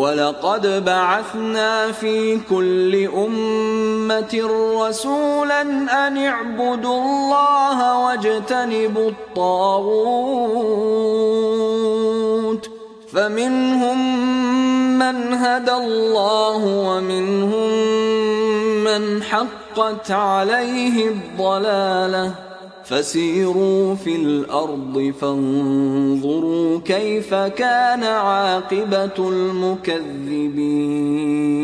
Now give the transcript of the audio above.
ولقد بعثنا في كل أمة رسولا أن اعبدوا الله واجتنبوا الطاغوت فمنهم من هدى الله ومنهم من حقت عليه الضلاله فسيروا في الارض فانظروا كيف كان عاقبة المكذبين